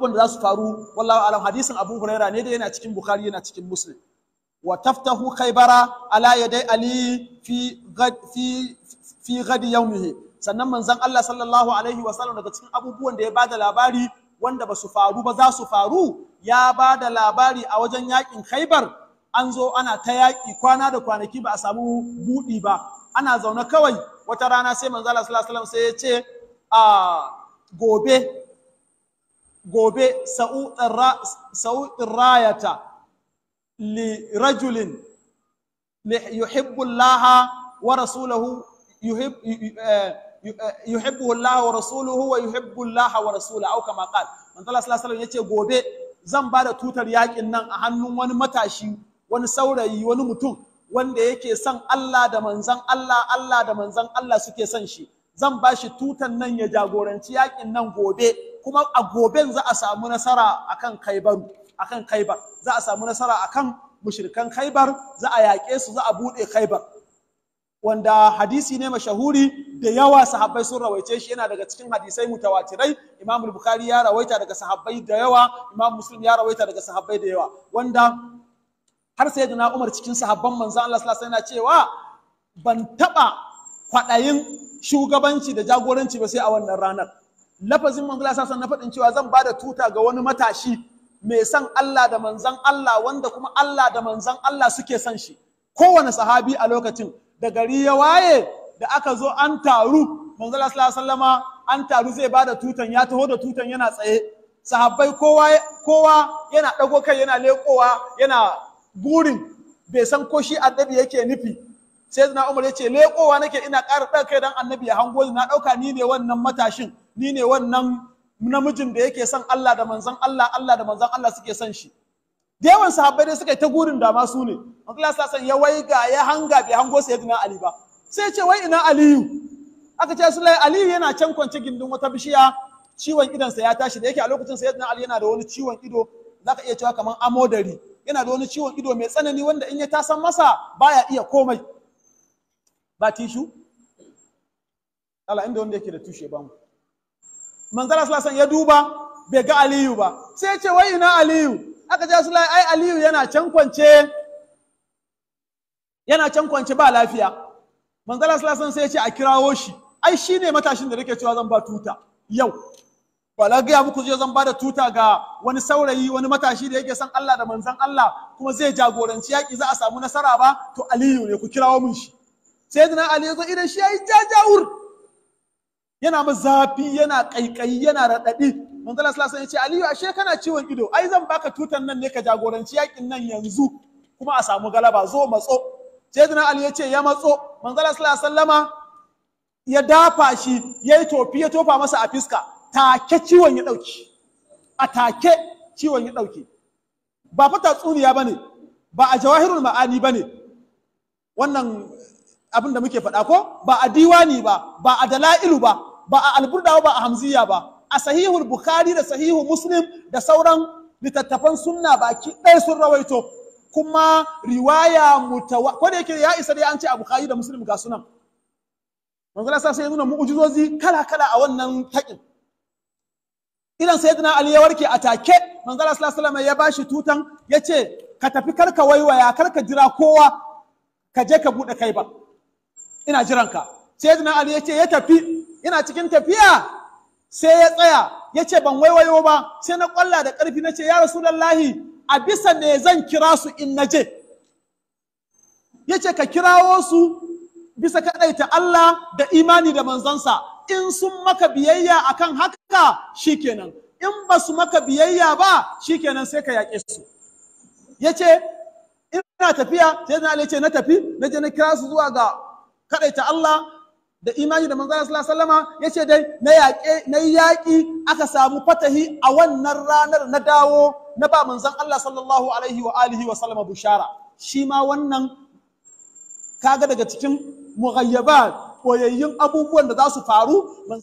abubuwan da za su faru wallahu alam hadisin abu huraira ne da yana cikin bukhari yana cikin muslim wa taftahu khaybara ala yaday ali fi fi fi ghadi yawmihi sannan manzon Allah sallallahu alaihi wa sallam daga cikin abubuwan da ya bada labari wanda ba su faru ba za su faru ya bada labari a wajen yakin khaybar an zo ana ta yaki kwana da kwanaki ba a samu buɗi ba ana zaune kawai wata rana sai manzon Allah sallallahu alaihi sai ya ce a ah, gobe gobe sa'udin rayata li rajulin yuhibbu Allah wa rasulahu eh, eh, yuhibbu wa rasuluhu wa yuhibbu wa rasuluhu auka kama qal man sallallahu alaihi wasallam yace gobe zan ba da tutar yakin nan a hannun wani matashi wani saurayi wani mutum wanda yake son Allah da manzan Allah Allah da manzan Allah suke son shi zan ba shi tutan nan ya jagoranci yakin nan gobe kuma a goben za a samu nasara akan kaibaru akan kaibar za a samu nasara akan mushrikan kaibar za a yaƙe su za a buɗe kaibar wanda hadisi ne mashahuri da yawa sahabbai sun rawaice shi yana daga cikin hadisai mutawatirai imam bukhari ya rawaita daga sahabbai da yawa imam muslim ya rawaita daga sahabbai da yawa wanda har sai da umar cikin sahabban manzo Allah sallallahu alaihi wasallam yana cewa ban taba kwaɗayin shugabanci da jagoranci ba sai a wannan ranar lafazin manzala sasan na faɗin cewa zan bada tuta ga wani matashi mai san Allah da manzan Allah wanda kuma Allah da manzan Allah suke son shi kowane sahabi a lokacin da gari ya waye da aka zo an taru manzala sallama an taru zai bada tutan ya taho da tutan yana tsaye sahabbai kowa kowa yana ɗago kai yana leƙowa yana burin bai san ko shi addabi yake nufi sai na umar ya ce leƙowa nake ina ƙara ɗan kai dan annabi ya hango ni na ɗauka ni ne wannan matashin ni ne wannan namijin da yake son Allah da manzon Allah Allah da manzon Allah suke son shi da yawan sahabbai dai suka yi ta gurin da ma su ne Allah sa san ya waiga ya hanga bai hango sayyidina Ali ba sai ce wai ina Aliyu aka ce su Aliyu yana can kwance gindin wata bishiya ciwon idonsa ya tashi da yake a lokacin sayyidina Ali yana da wani ciwon ido zaka iya cewa kamar amodari yana da wani ciwon ido mai tsanani wanda in ya tasan masa baya iya komai ba tishu Allah inda wanda yake da tushe ba mu manzara sallallahu ya duba bai ga aliyu ba sai ce wai ina aliyu aka ce sallallahu ai aliyu yana can kwance yana can kwance ba lafiya manzara sallallahu sai ce a kirawo shi ai shi ne matashin da nake cewa zan ba tuta yau ba la gaya muku zai zan ba da tuta ga wani saurayi wani matashi da yake san Allah da manzan Allah kuma zai jagoranci yaƙi, za a samu nasara ba to aliyu ne ku kirawo mun shi sayyidina ali ya zo idan shi yayi jajawur yana ma zafi yana kaikayi yana radadi manzo Allah sallallahu alaihi wasallam ya ce aliyu ashe kana ciwon ido ai zan baka tutan nan ne ka jagoranci yakin nan yanzu kuma a samu galaba zo matso sayyidina ali ya ce ya matso manzo Allah sallallahu alaihi wasallama ya dafa shi yayi tofi ya tofa masa a fiska take ciwon ya dauki a take ciwon ya dauke ba fa tatsuniya bane ba a jawahirul ma'ani bane wannan abin da muke faɗa ko ba a diwani ba ba a dala'ilu ba ba a alburda ba a hamziya ba a sahihul bukhari da sahihu muslim da sauran littattafan sunna baki ɗaya sun rawaito kuma riwaya mutawa ko da yake ya isa dai an ce a bukhari da muslim ga sunan manzo Allah sai ya nuna mu'jizozi kala kala a wannan taƙin. idan sayyidina ali ya warke a take manzo Allah sallallahu alaihi wasallam ya bashi tutan yace ka tafi karka waiwaya karka jira kowa ka je ka bude kai ba ina jiranka sai yana ali ya ya tafi ina cikin tafiya sai ya tsaya Yace ban waiwayo ba sai na kwalla da ƙarfi na ce ya rasulallahi a bisa ne zan kira su in na je ya ka kirawo su bisa kaɗaita Allah da imani da manzansa in sun maka biyayya akan haka shikenan in ba su maka biyayya ba shikenan sai ka yaƙe su ya ce ina tafiya sai na ce na tafi na je na kira su zuwa ga kadaita Allah da imani da manzo sallallahu alaihi yace dai na yaƙe na yaƙi aka samu fatahi a wannan ranar na dawo na ba manzon Allah sallallahu alaihi wa alihi wa sallama bushara shi ma wannan kaga daga cikin mughayyabat koyayyun abubuwan da za su faru